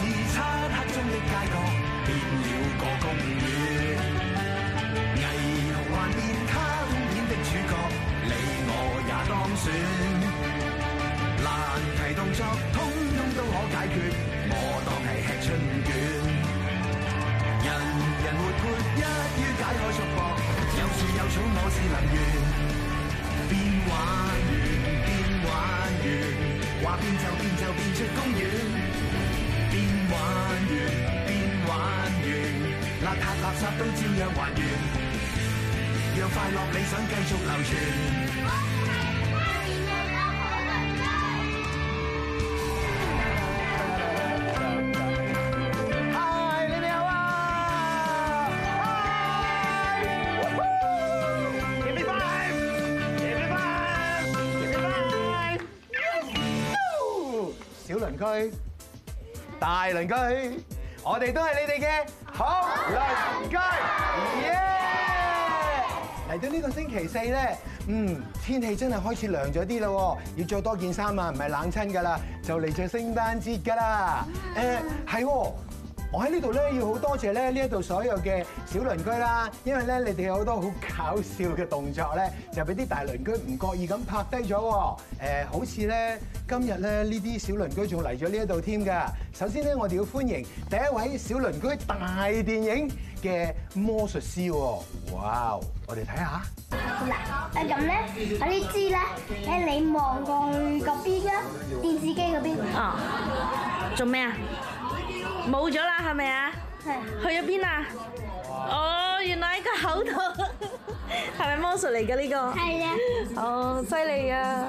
自漆黑中的街角，變了個公園。霓虹幻變卡通片的主角，你我也當選。難題動作通通都可解決，我當係吃春卷。人人活潑，一於解開束縛，有樹有草，我是能源。變玩完，變玩完，話變就變就變出公園。玩完變玩完，邋遢垃圾都照樣玩完，讓快樂理想繼續流傳。小鄰居，大鄰居，我哋都係你哋嘅好鄰居，耶！嚟到呢個星期四咧，嗯，天氣真係開始涼咗啲啦，要着多件衫啊，唔係冷親㗎啦，就嚟着聖誕節㗎啦，誒，係喎。我喺呢度咧，要好多謝咧呢一度所有嘅小鄰居啦，因為咧你哋有好多好搞笑嘅動作咧，就俾啲大鄰居唔覺意咁拍低咗。誒，好似咧今日咧呢啲小鄰居仲嚟咗呢一度添㗎。首先咧，我哋要歡迎第一位小鄰居大電影嘅魔術師。哇！我哋睇下。嗱，咁咧，呢支咧，喺你望過嗰邊啦，電視機嗰邊。啊！做咩啊？冇咗啦，係咪啊？係。去咗邊啊？哦，原來喺個口度。係咪魔術嚟嘅呢個？係啊。哦，犀利啊！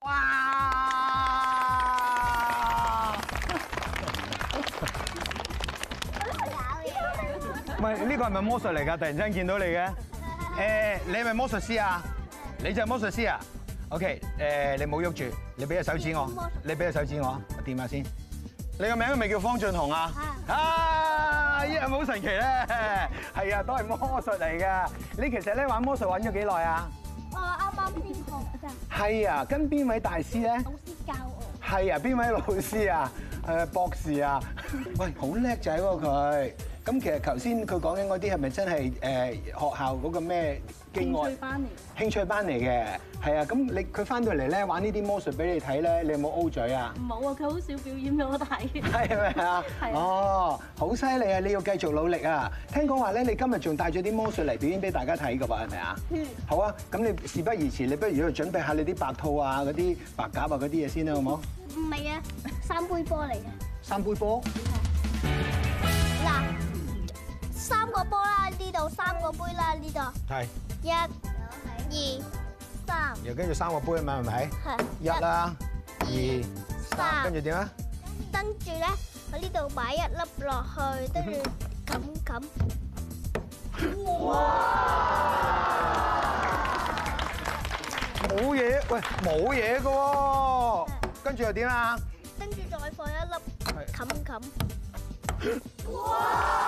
哇！唔係，呢個係咪魔術嚟噶？突然間見到你嘅。誒，你係咪魔術師啊？你就係魔術師啊？OK，誒，你冇喐住，你俾隻手指我，你俾隻手指我，我掂下先。你個名係咪叫方俊雄啊？啊！依樣好神奇咧，係啊，都係魔術嚟㗎。你其實咧玩魔術玩咗幾耐啊？我啱啱先學咋。係啊，跟邊位大師咧？老師教我。係啊，邊位老師啊，對啊？博士啊？ 喂，好叻仔喎佢。咁其實頭先佢講緊嗰啲係咪真係誒學校嗰個咩興趣班嚟？興趣班嚟嘅，係啊。咁你佢翻到嚟咧玩呢啲魔術俾你睇咧，你有冇 O 嘴啊？冇啊，佢好少表演俾我睇嗎。係咪啊？係啊。哦，好犀利啊！你要繼續努力啊！聽講話咧，你今日仲帶咗啲魔術嚟表演俾大家睇噶噃，係咪啊？嗯，好。好啊，咁你事不宜遲，你不如去準備下你啲白兔啊、嗰啲白鴿啊嗰啲嘢先啦，好冇？唔係啊，三杯波嚟嘅。三杯波。個波啦，呢度，三個杯啦，呢度，係一、二、三，又跟住三個杯咪係咪？係一啦，二三，跟住點啊？跟住咧，喺呢度擺一粒落去，跟住冚冚，哇！冇嘢，喂，冇嘢㗎喎，跟住又點啊？跟住再放一粒，冚冚，哇！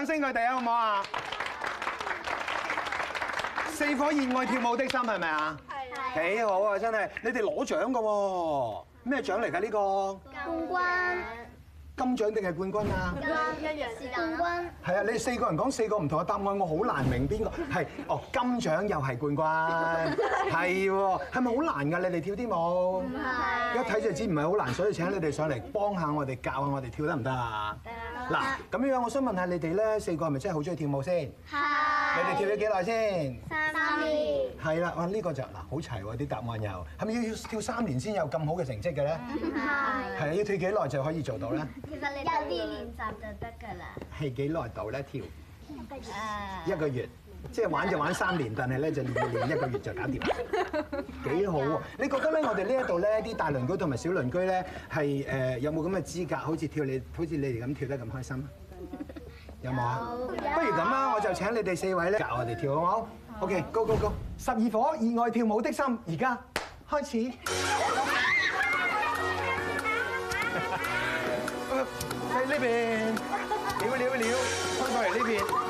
掌聲佢哋啊，好唔好啊？四顆熱愛跳舞的心係咪啊？係啊，幾好啊，真係！你哋攞獎㗎喎，咩獎嚟㗎呢個？冠軍。金獎定係冠軍啊？冠軍，一樣係冠軍。係啊，你哋四個人講四個唔同嘅答案，我好難明邊個係。哦，金獎又係冠軍，係喎。係咪好難㗎？你哋跳啲舞。唔係。一睇就知唔係好難，所以請你哋上嚟幫下我哋教下我哋跳得唔得啊？得。嗱，咁樣，我想問下你哋咧，四個係咪真係好中意跳舞先？係。你哋跳咗幾耐先？三年。係啦，哇，呢個就嗱，好齊喎啲答案又，係咪要要跳三年先有咁好嘅成績嘅咧？係。係啊，要跳幾耐就可以做到咧？其實你有啲練習就得㗎啦。係幾耐度咧跳？誒，一個月。即係玩就玩三年，但係咧就練練一個月就搞掂，幾好。你覺得咧，我哋呢一度咧啲大鄰居同埋小鄰居咧係有冇咁嘅資格，好似跳你好似你哋咁跳得咁開心？有冇啊？不如咁啊，我就請你哋四位咧，教我哋跳好唔好？OK，Go Go Go，十二火熱愛跳舞的心，而家開始。呢邊了了了，翻過嚟呢邊。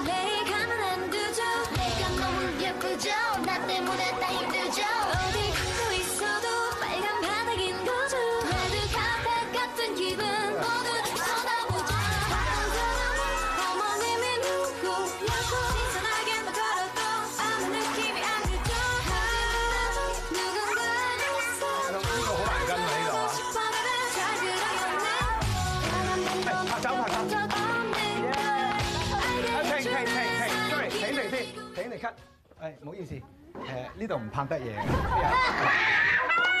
好意思誒呢度唔拍得嘢，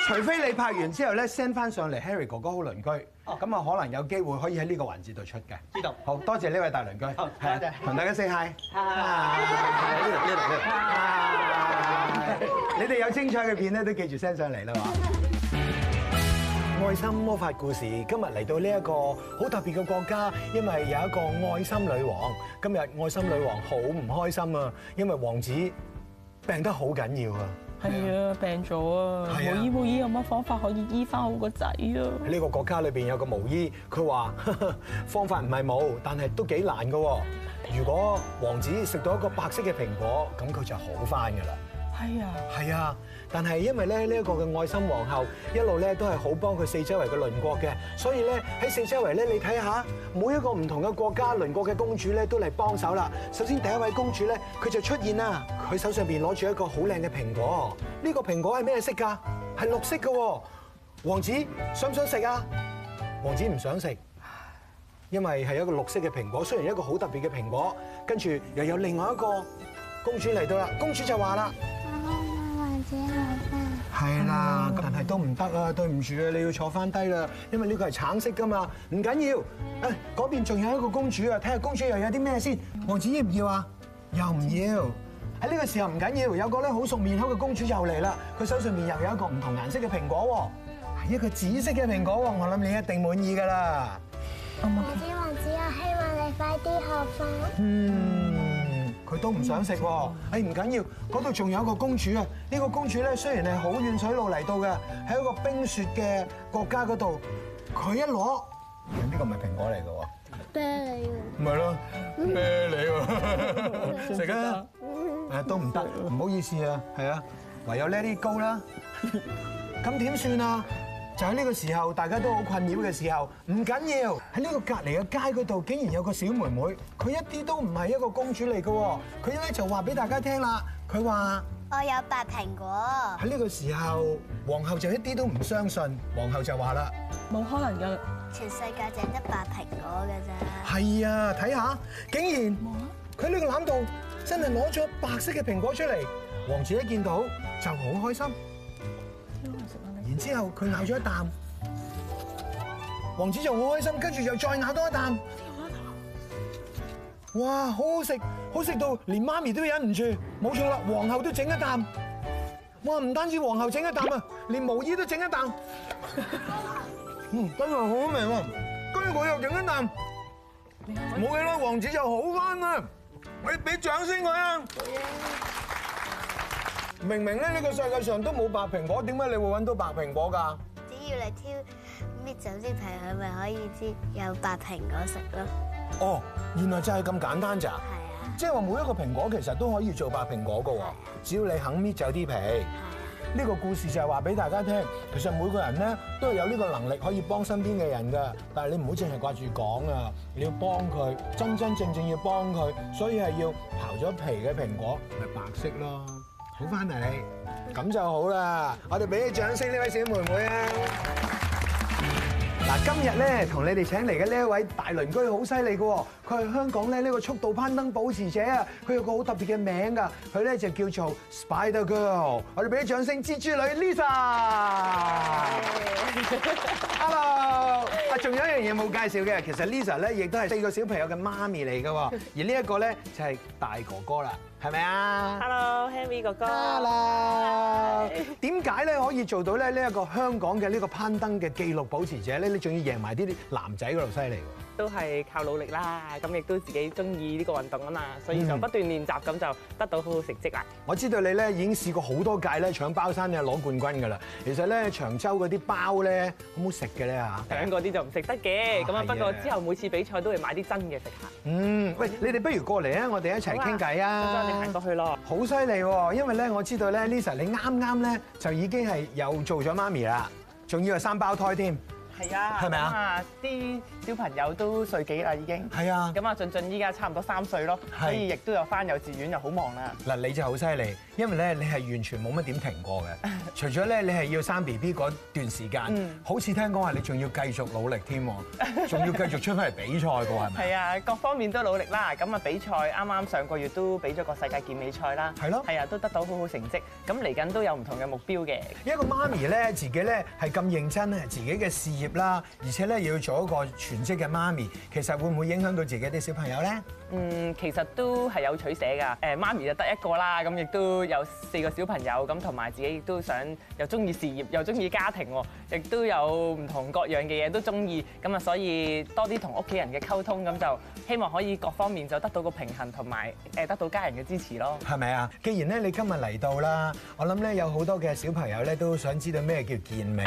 除非你拍完之後咧 send 翻上嚟 Harry 哥哥、好鄰居，咁啊可能有機會可以喺呢個環節度出嘅，知道好，多謝呢位大鄰居同大家 say hi。你哋有精彩嘅片咧都記住 send 上嚟啦嘛。愛心魔法故事，今日嚟到呢一個好特別嘅國家，因為有一個愛心女王。今日愛心女王好唔開心啊，因為王子病得好緊要啊！係啊，病咗啊！係啊，冇醫冇醫，醫有乜方法可以醫翻好個仔啊？呢個國家裏面有個巫醫，佢話呵呵，方法唔係冇，但係都幾難噶。如果王子食到一個白色嘅蘋果，咁佢的就好翻噶啦。係啊，係啊，但係因為咧呢一個嘅愛心皇后一路咧都係好幫佢四周圍嘅鄰國嘅，所以咧喺四周圍咧你睇下，每一個唔同嘅國家鄰國嘅公主咧都嚟幫手啦。首先第一位公主咧，佢就出現啦，佢手上邊攞住一個好靚嘅蘋果，這蘋果，呢個蘋果係咩色噶？係綠色嘅。王子想唔想食啊？王子唔想食，因為係一個綠色嘅蘋果，雖然一個好特別嘅蘋果，跟住又有另外一個公主嚟到啦，公主就話啦。係啦，但係都唔得啊，對唔住啊，你要坐翻低啦，因為呢個係橙色噶嘛，唔緊要。誒、哎，嗰邊仲有一個公主啊，睇下公主又有啲咩先。王子要唔要啊？又唔要。喺呢個時候唔緊要，有個咧好熟面口嘅公主又嚟啦，佢手上面又有一個唔同顏色嘅蘋果，係一個紫色嘅蘋果，我諗你一定滿意噶啦。王子、啊、王子，我希望你快啲好翻。嗯。佢都唔想食喎，誒唔緊要，嗰度仲有個公主啊！呢個公主咧雖然係好遠水路嚟到嘅，喺一個冰雪嘅國家嗰度，佢一攞，呢個唔係蘋果嚟嘅喎，啤梨，唔係咯，啤梨喎，食啊，誒都唔得，唔好意思啊，係啊，唯有 Let It Go 啦，咁點算啊？就喺呢個時候，大家都好困擾嘅時候，唔緊要。喺呢個隔離嘅街嗰度，竟然有個小妹妹，佢一啲都唔係一個公主嚟嘅喎。佢咧就話俾大家聽啦，佢話：我有白蘋果。喺呢個時候，皇后就一啲都唔相信。皇后就話啦：冇可能㗎，全世界淨一白蘋果嘅啫。係啊，睇下竟然，佢呢哇個籃度真係攞咗白色嘅蘋果出嚟。王子一見到就好開心。然之後佢咬咗一啖，王子就好開心，跟住又再咬多一啖。哇，好好食，好食到連媽咪都忍唔住。冇錯啦，皇后都整一啖。哇，唔單止皇后整一啖啊，連毛姨都整一啖。嗯，真係好好味喎。跟住我又整一啖，冇嘢啦。王子就好翻啦，我要俾掌聲佢啊。明明咧，呢個世界上都冇白蘋果，點解你會揾到白蘋果㗎？只要你挑搣走啲皮，佢咪可以知有白蘋果食咯。哦，原來就係咁簡單咋？係啊。即係話每一個蘋果其實都可以做白蘋果嘅喎。只要你肯搣走啲皮，係。呢個故事就係話俾大家聽。其實每個人咧都係有呢個能力可以幫身邊嘅人嘅，但係你唔好淨係掛住講啊！你要幫佢，真真正正要幫佢，所以係要刨咗皮嘅蘋果，咪白色咯。好翻嚟，咁就好啦。我哋俾啲掌聲呢位小妹妹啊！嗱，今日咧同你哋請嚟嘅呢一位大鄰居好犀利嘅，佢係香港咧呢個速度攀登保持者啊！佢有個好特別嘅名噶，佢咧就叫做 Spider Girl。我哋俾啲掌聲蜘蛛女 Lisa。Hello，啊，仲有一樣嘢冇介紹嘅，其實 Lisa 咧亦都係四個小朋友嘅媽咪嚟嘅，而呢一個咧就係大哥哥啦。係咪啊？Hello，Harry 哥哥。Hello，點解咧可以做到咧？呢一個香港嘅呢個攀登嘅紀錄保持者咧，你仲要贏埋啲男仔嗰度犀利。都係靠努力啦，咁亦都自己中意呢個運動啊嘛，所以就不斷練習，咁就得到好好成績啦。我知道你咧已經試過好多屆咧搶包山嘅攞冠軍噶啦。其實咧長洲嗰啲包咧好唔好食嘅咧嚇？頂嗰啲就唔食得嘅，咁啊不過之後每次比賽都會買啲真嘅食下。嗯，喂，你哋不如過嚟啊，我哋一齊傾偈啊。將你行過去咯。好犀利喎，因為咧我知道咧 Lisa 你啱啱咧就已經係又做咗媽咪啦，仲要係三胞胎添。係啊，係咪啊？咁啊，啲小朋友都歲幾啦已經。係啊。咁啊，俊俊依家差唔多三歲咯，所以亦都有翻幼稚園，又好忙啦。嗱，你就好犀利，因為咧你係完全冇乜點停過嘅，除咗咧你係要生 BB 嗰段時間，好似聽講話你仲要繼續努力添喎，仲要繼續出翻嚟比賽噃，係咪？係啊，各方面都努力啦。咁啊，比賽啱啱上個月都比咗個世界健美賽啦。係咯。係啊，都得到好好成績。咁嚟緊都有唔同嘅目標嘅。一個媽咪咧，自己咧係咁認真咧，自己嘅事業啦，而且咧，要做一個全職嘅媽咪，其實會唔會影響到自己啲小朋友咧？嗯，其實都係有取捨㗎。誒，媽咪就得一個啦，咁亦都有四個小朋友，咁同埋自己亦都想又中意事業，又中意家庭喎，亦都有唔同各樣嘅嘢都中意，咁啊所以多啲同屋企人嘅溝通，咁就希望可以各方面就得到個平衡，同埋誒得到家人嘅支持咯。係咪啊？既然咧你今日嚟到啦，我諗咧有好多嘅小朋友咧都想知道咩叫健美。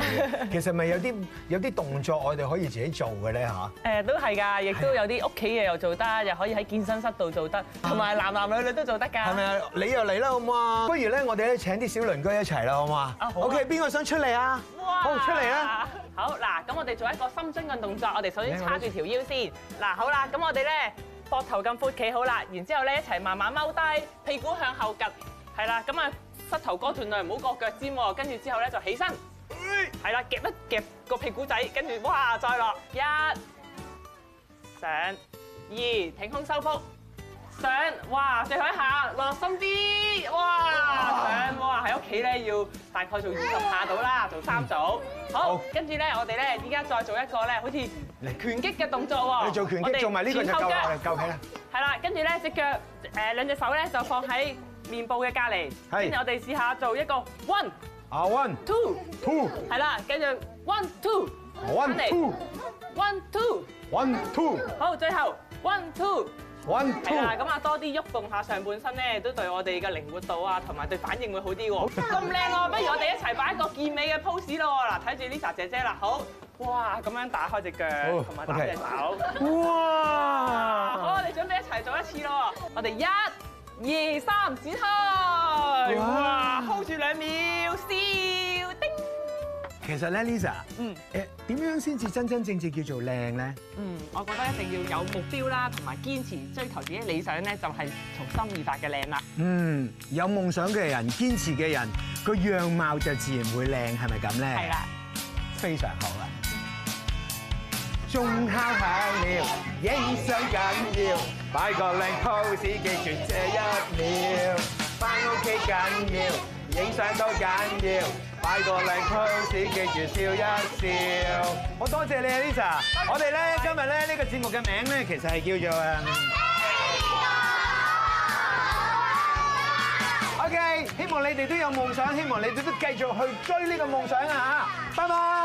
其實咪有啲有啲動作我哋可以自己做嘅咧吓。誒，都係㗎，亦都有啲屋企嘢又做得，又可以喺健身室度做得，同埋男男女女都做得㗎。係咪啊？你又嚟啦，好唔好啊？不如咧，我哋咧請啲小鄰居一齊啦，好唔好啊？啊好。O K，邊個想出嚟啊？哇！好出嚟啊！好嗱，咁我哋做一個深蹲嘅動作，我哋首先叉住條腰先。嗱好，好啦，咁我哋咧膊頭咁闊企好啦，然之後咧一齊慢慢踎低，屁股向後趌，係啦，咁啊膝頭哥斷兩，唔好過腳尖喎。跟住之後咧就起身，係啦，夾一夾個屁股仔，跟住哇再落一上。二，挺胸收腹，上，哇，最後一下，落心啲，哇，上，哇，喺屋企咧要大概做二十下到啦，做三組，好，跟住咧我哋咧依家再做一個咧好似拳擊嘅動作喎，你做拳擊做埋呢個就夠啦，夠皮啦，係啦，跟住咧隻腳，誒，兩隻手咧就放喺面部嘅隔籬，係，我哋試下做一個，one，啊 one，two，two，係啦，跟住 one two，one two，one two，one two，好，最後。One two，one two，係啦，咁啊多啲喐動下上半身咧，都對我哋嘅靈活度啊，同埋對反應會好啲喎。咁靚喎，不如我哋一齊擺個健美嘅 pose 咯喎！嗱，睇住 Lisa 姐姐啦，好，哇，咁樣打開隻腳，同埋打隻手，哇，好，我哋準備一齊做一次咯喎！我哋一、二、三，展開，哇，hold 住兩秒，笑。其實咧，Lisa，嗯，誒點樣先至真真正正叫做靚咧？嗯，我覺得一定要有目標啦，同埋堅持追求自己的理想咧，就係從心而發嘅靚啦。嗯，有夢想嘅人，堅持嘅人，個樣貌就自然會靚，係咪咁咧？係啦，非常好啊！仲後下了，影相緊要，擺個靚 pose，記住這一秒，翻屋企緊要，影相都緊要。擺個靚 pose，記住笑一笑。好多謝你啊，Lisa。我哋咧今日咧呢個節目嘅名咧，其實係叫做誒。OK，希望你哋都有夢想，希望你哋都繼續去追呢個夢想啊吓！拜拜。